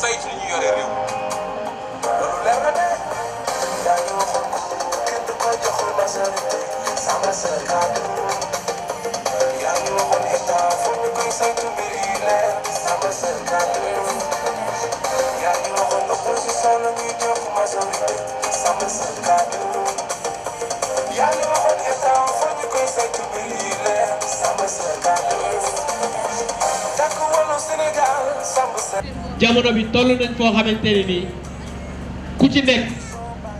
saytu ñu yore réew loolu leer na de yaa ngi waxoon ko kenn du ma joxul majorité sama seen kàddu yaa ngi waxoon état fu ñu koy saytu mbir yi leer sama seen kàddu yaa ngi waxoon opposition la ñuy jox majorité sama seen jamono bi toll nañ foo xamante ne nii ku ci nekk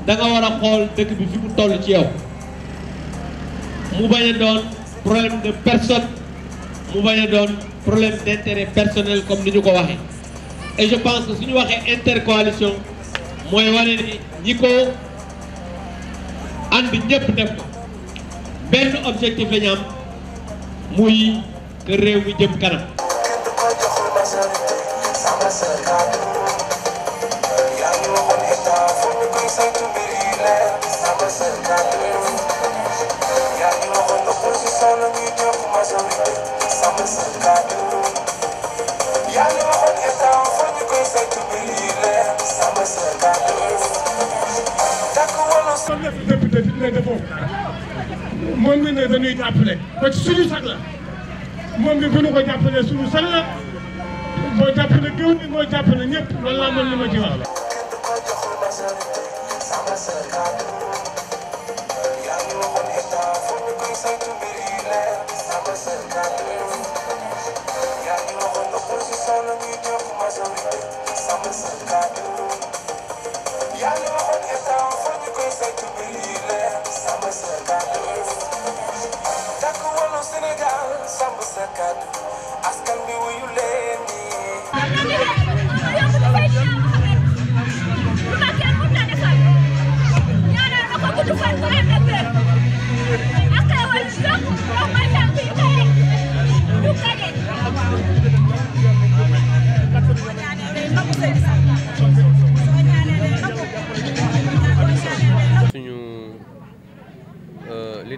da nga war a xool dëkk bi fi mu toll ci yow mu bañ a doon problème de personne mu bañ a doon problème d' intérêt personnel comme ni ñu ko waxee et je pense que suñu waxee intercoalition mooy wane ni ñi ko ànd ñëpp def ko benn objectif la muy que réew mi jëm kanam moom mi ne dañuy jàppale ba ci suñu sag la moom mi bu ñu ko jàppale suñu sag la moo jàpp ne gëw bi moo jàpp ne ñëpp loolu laa mën li ma ci wax la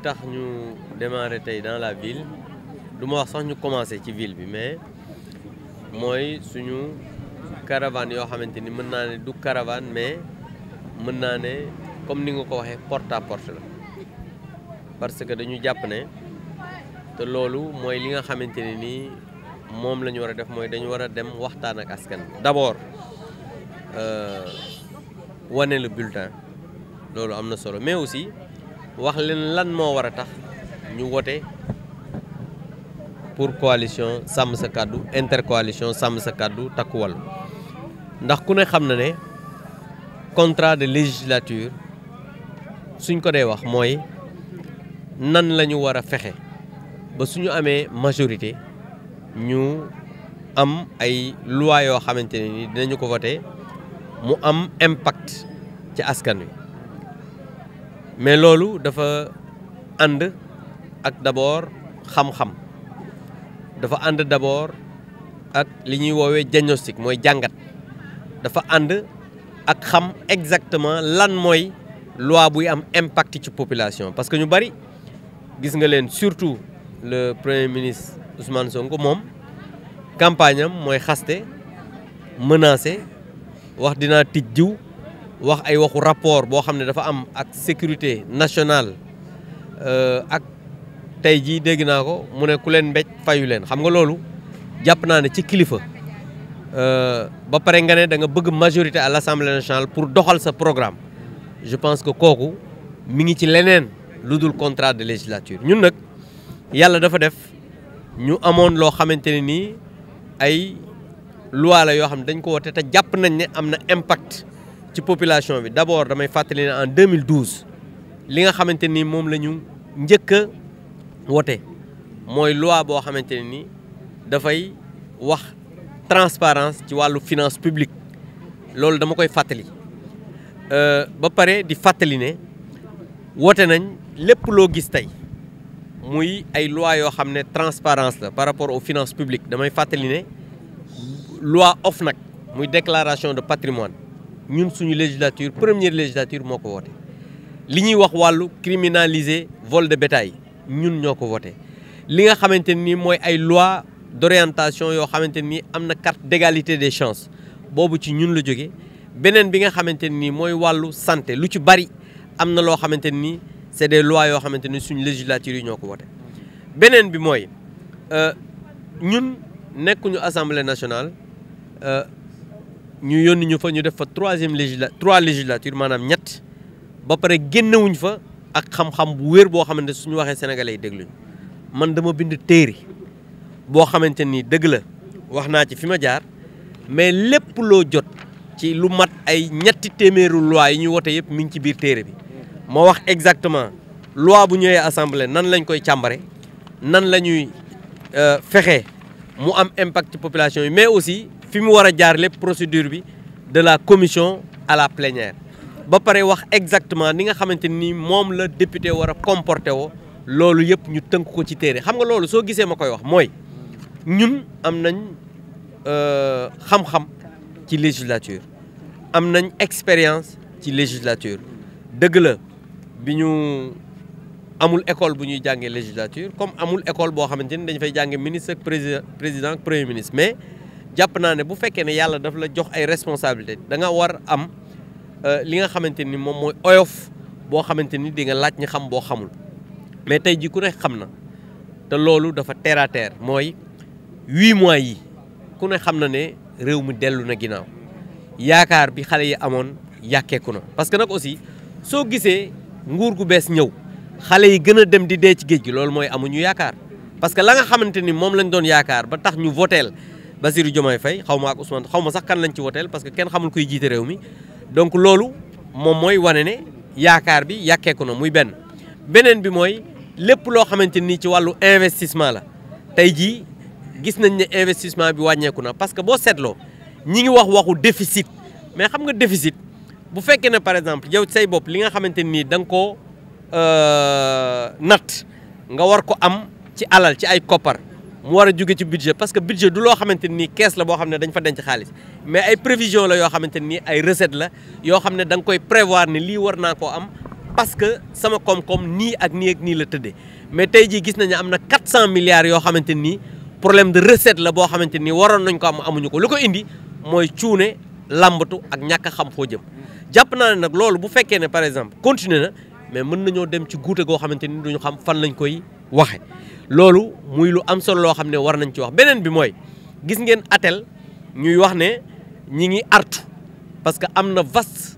tax ñu démarrer tey dans la ville du ma wax sax ñu commencé ci ville bi mais mooy suñu caravane yoo xamante ni mën naa ne du caravane mais mën naa ne comme ni nga ko waxee porte à porte la parce que dañu jàpp ne te loolu mooy li nga xamante ne nii moom la ñu war a def mooy dañu war a dem waxtaan ak askan bi d'abord euh, wane le bulletin loolu am na solo mais aussi wax leen lan moo war a tax ñu wote pour coalition sàmm sa kàddu intercoalition sàmm sa kàddu takkuwal ndax ku ne xam na ne contrat de législature suñ ko dee wax mooy nan la ñu war a fexe ba suñu amee majorité ñu am ay loi yoo xamante ne ni dinañu ko voté mu am impact ci askan wi mais loolu dafa ànd ak d'abord xam-xam dafa ànd d'abord ak li ñuy woowee diagnostic mooy jàngat dafa ànd ak xam exactement lan mooy loi buy am impact ci population parce que ñu bari gis nga leen surtout le premier ministre Ousmane Sonko moom campagne mooy xaste mënaase wax dinaa tij jiw wax ay waxu rapport boo xam ne dafa am ak sécurité nationale euh, ak tey jii dégg naa ko mu ne ku leen mbéj fayu leen xam nga loolu jàpp naa ne ci kilifa euh, ba pare nga ne da nga bëgg majorité à l'Assemblée nationale pour doxal sa programme je pense que kooku mi ngi ci leneen lu dul contrat de législature ñun nag yàlla dafa def ñu amoon loo xamante ne nii ay loi yoo xam ne dañ ko wote te jàpp nañ ne am na impact ci population bi d'abord damay fàttali ne en 2012 li nga xamante ni moom la ñu njëkk a wote mooy loi boo xamante ne ni dafay wax transparence ci wàllu finance publique loolu dama koy fàttali euh, ba pare di fàttali ne wote nañ lépp loo gis tey muy ay loi yoo xam ne transparence la par rapport aux finances publiques damay fàttali ne loi nag muy déclaration de patrimoine ñun suñu législature première législature moo ko woote li ñuy wax wàllu criminaliser vol de bétail ñun ñoo ko woote li nga xamante nii mooy ay loi d'orientation yoo xamante nii am na carte d'égalité des chances boobu ci ñun la jóge beneen bi nga xamante nii mooy wàllu santé lu ci bari am na loo xamante ni c'est des lois yoo xamante ni suñu législature yi ñoo ko woote beneen bi mooy euh, ñun nekkuñu assemblée nationale euh, ñu yónni ñu fa ñu def fa troisième législa trois législature maanaam ñett ba pare génnewuñ fa ak xam-xam bu wér boo xamante suñu waxee sénégalais yi dégluñ man dama bind téere boo xamante ni dëgg la wax naa ci fi ma jaar mais lépp loo jot ci lu mat ay ñetti téeméeru loi yi ñuy wote yëpp mu ngi ci biir téere bi moo wax exactement loi bu ñëwee assemblée nan lañ koy càmbare nan la ñuy euh, fexe mu am impact ci population yi mais aussi fi mu war a jaar lépp procédure bi de la commission à la plénière ba pare wax exactement ni nga xamante ni moom la député war a comporté woo loolu yëpp ñu tënk ko ci téere xam nga loolu soo gisee ma koy wax mooy ñun am nañ euh, xam-xam ci législature am nañ expérience ci législature dëgg la bi ñu amul école bu ñuy jàngee législature comme amul école boo xamante ni dañ fay jàngee ministre ak président président ak premier ministre mais jàpp naa ne bu fekkee ne yàlla daf la jox ay responsabilité da nga war am euh, li nga xamante ni moom mooy oyof boo xamante ni di nga laaj ñi xam boo xamul mais tey ji ku ne xam na te loolu dafa terre à mooy huit mois yi ku ne xam na ne réew mi dellu na ginnaaw yaakaar bi xale yi amoon yàkkeeku na parce que nag aussi soo gisee nguur gu bees ñëw xale yi gën a dem di dee ci géej gi loolu mooy amuñu yaakaar parce que la nga xamante ni moom lañ doon yaakaar ba tax ñu voteel Bassirou Diomaye Faye xaw ma ak Ousmane xaw ma sax kan lañ ci woteel parce que kenn xamul kuy jiite réew mi donc loolu moom mooy wane ne yaakaar bi yàkkeeku na muy benn beneen bi mooy lépp loo xamante nii ci wàllu investissement la tey jii gis nañ ne investissement bi wàññeeku na parce que boo seetloo ñi ngi wax waxu déficit mais xam nga déficit bu fekkee ne par exemple yow say bopp li nga xamante nii da nga koo euh, natt nga war ko am ci alal ci ay koppar mu war a jóge ci budget parce que budget du loo xamante nii kees la boo xam ne dañ fa denc xaalis mais ay prévision la yoo xamante nii ay recette la yoo xam ne danga koy prévoir ni lii war naa koo am parce que sama koom-koom nii ak nii ak nii la tëddee mais tey jii gis nañu am na 400 milliards yoo xamante nii problème de recette la boo xamante nii waroon nañ ko am amuñu ko lu ko indi mooy cuune lambatu ak ñàkk xam foo jëm jàpp naa ne nag loolu bu fekkee ne par exemple continuer na mais mën nañoo dem ci guute goo xamante ni duñu xam fan lañ koy waxe loolu muy lu am solo loo xam ne war nañ ci wax beneen bi mooy gis ngeen atel ñuy wax ne ñi ngi artu parce que am na vaste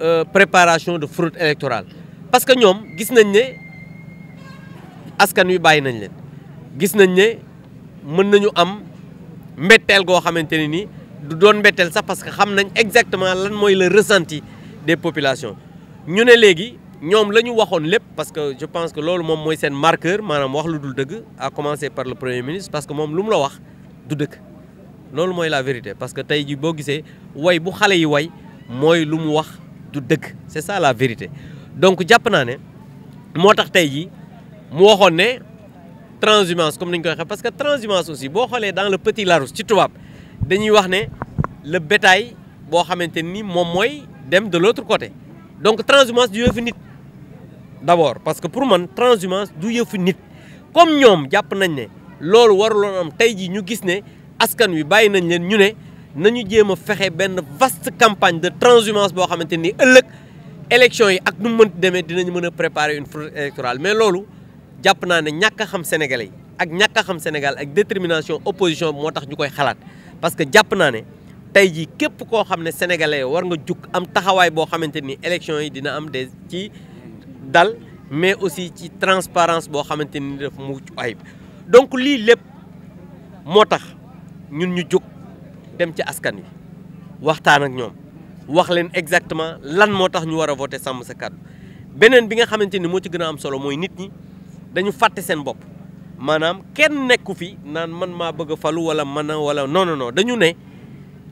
euh, préparation de fraude électorale parce que ñoom gis nañ ne askan wi bàyyi nañ leen gis nañ ne mën nañu am mbetteel goo xamante ne ni du doon mbetteel sax parce que xam nañ exactement lan mooy la ressenti des population ñu ne léegi ñoom la ñu waxoon lépp parce que je pense que loolu moom mooy seen marqueur maanaam wax lu dul dëgg à commencer par le premier ministre parce que moom lu mu la wax du dëgg loolu mooy la vérité parce que tey ji boo gisee way bu xale yi way mooy lu mu wax du dëgg c'est ça la vérité donc jàpp naa ne moo tax tey ji mu waxoon ne transhumance comme ni ñu koy waxee parce que transhumance aussi boo xoolee dans le petit Larousse ci tubaab dañuy wax ne le bétail boo xamante ni moom mooy dem de l'autre côté donc transhumance du yëfu nit d'abord parce que pour man transhumance du yëfu nit comme ñoom jàpp nañ ne loolu waruloon am tey jii ñu gis ne askan wi bàyyi nañ leen ñu ne nañu jéem a fexe benn vaste campagne de transhumance boo xamante ni ëllëg élection yi ak nu mu mënti demee dinañ mën a préparer une fraude électorale mais loolu jàpp naa ne ñàkk a xam sénégalais yi ak ñàkk a xam Sénégal ak détermination opposition moo tax ñu koy xalaat parce que jàpp naa ne. tey jii képp koo xam ne sénégalais war nga jug am taxawaay boo xamante ni élection yi dina am des ci dal mais aussi ci transparence boo xamante ni daf mucc ayib donc lii lépp moo tax ñun ñu jóg dem ci askan wi waxtaan ak ñoom wax leen exactement lan moo tax ñu war a voter sàmm sa kàddu beneen bi nga xamante ni moo ci gën a am solo mooy nit ñi dañu fàtte seen bopp maanaam kenn nekku fi naan man maa bëgg falu wala man a wala noonu non dañu ne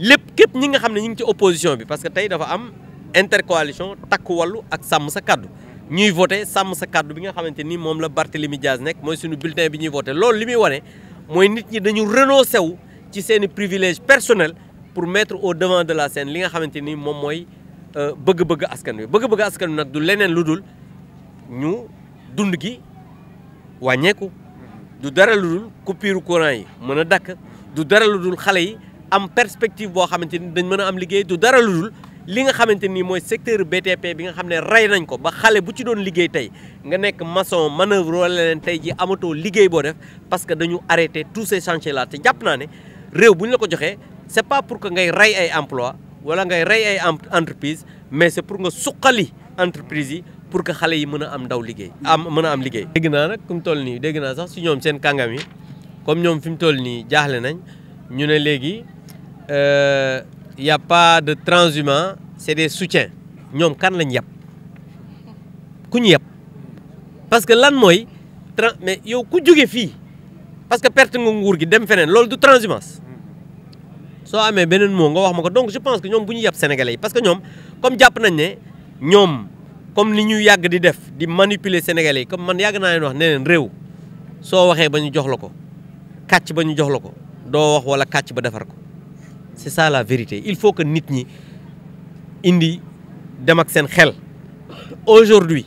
lépp képp ñi nga xam ne ñu ngi ci opposition bi parce que tey dafa am intercoalition takk wallu ak sàmm sa kàddu ñuy voté sàmm sa kàddu bi nga xamante ni moom la Barthélemy Diaz nekk mooy suñu bulletin bi ñuy voté loolu li muy wane mooy nit ñi dañu renoncé wu ci seeni privilège personnel pour mettre au devant de la scène li nga xamante ni moom mooy euh, bëgg-bëgg askan wi bëgg-bëgg askan wi nag du leneen lu dul ñu dund gi wàññeeku du dara lu dul coupure yi mën a dakk du dara dul xale yi am perspective boo xamante ni dañ mën a am liggéey du dara lu dul li nga xamante ni mooy secteur BTP bi nga xam ne rey nañ ko ba xale bu ci doon liggéey tey nga nekk maçon manœuvre wala leen tey ji amatoo liggéey boo def parce que dañu arrêté tous ces chantiers là te jàpp naa ne réew bu ñu la ko joxee c'est pas pour que ngay rey ay emploi wala ngay rey ay entreprise mais c'est pour nga suqali entreprise yi pour que xale yi mën a am ndaw liggéey am mën a am liggéey dégg naa nag fi mu nii dégg naa sax si ñoom seen kàngam yi comme ñoom fi mu toll nii jaaxle nañ ñu ne léegi il euh, n'y a de transhumance c'est des soutiens ñoom kan lañ yàpp ku ñu yàpp parce que lan mooy trans mais yow ku jóge fii parce que perte nga nguur gi dem feneen loolu du transhumance soo amee beneen moo nga wax ma ko donc je pense que ñoom bu ñu yàpp sénégalais yi parce que ñoom comme jàpp nañ ne ñoom comme ni ñu yàgg di def di manipuler sénégalais yi comme man yàgg naa leen wax ne leen réew soo waxee ba ñu jox la ko kàcc ba ñu jox la ko doo wax walla kàcc ba defar ko c'est ça la vérité il faut que nit ñi indi dem ak seen xel aujourd'hui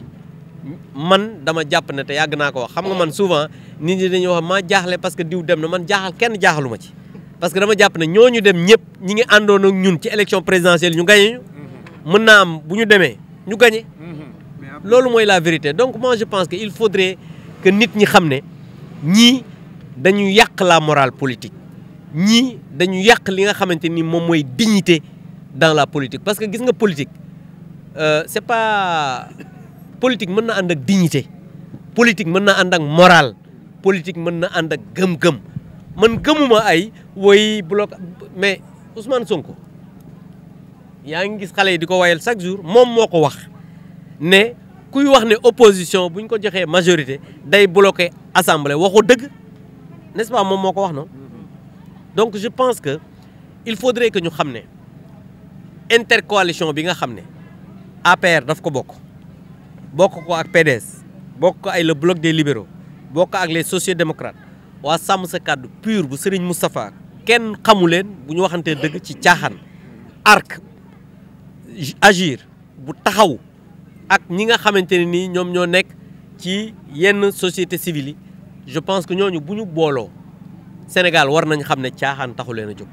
man dama jàpp ne te yàgg naa ko wax xam nga man souvent nit ñi dañuy wax maa jaaxle parce que diw dem na man jaaxal kenn jaaxalu ma ci parce que dama jàpp ne ñooñu dem ñëpp ñi ngi àndoon ak ñun ci élection présidentielle ñu gagné mhm. mën naa bu ñu demee ñu gagné mhm. loolu mooy la vérité donc moi je pense que il faudrait que nit ñi xam ne ñii dañu yàq la morale politique ñii dañu yàq li nga xamante ni moom mooy dignité dans la politique parce que gis nga politique euh, c'est pas politique mën na ànd ak dignité politique mën na ànd ak morale politique mën na ànd ak gëm-gëm man gëmuma ay woy bloc mais Ousmane Sonko yaa ngi gis xale yi di ko wayal chaque jour moom moo ko wax ne kuy wax ne opposition bu ñu ko joxee majorité day bloqué assemblée waxu dëgg nest pas moom moo ko wax noonu donc je pense que il faudrait que ñu xam ne intercoalition bi nga xam ne APR daf ko bokk bokk ko ak PDS bokk ko ay le bloc des libéraux bokk ko ak les sociaux-démocrates waa sàmm sa kàddu pur bu Serigne Moustapha kenn xamu leen bu ñu waxantee dëgg ci caaxaan arc agir bu taxaw ak ñi nga xamante ne nii ñoom ñoo nekk ci yenn société civile yi je pense que ñooñu bu ñu booloo Sénégal war nañ xam ne caaxaan taxu leen a jóg.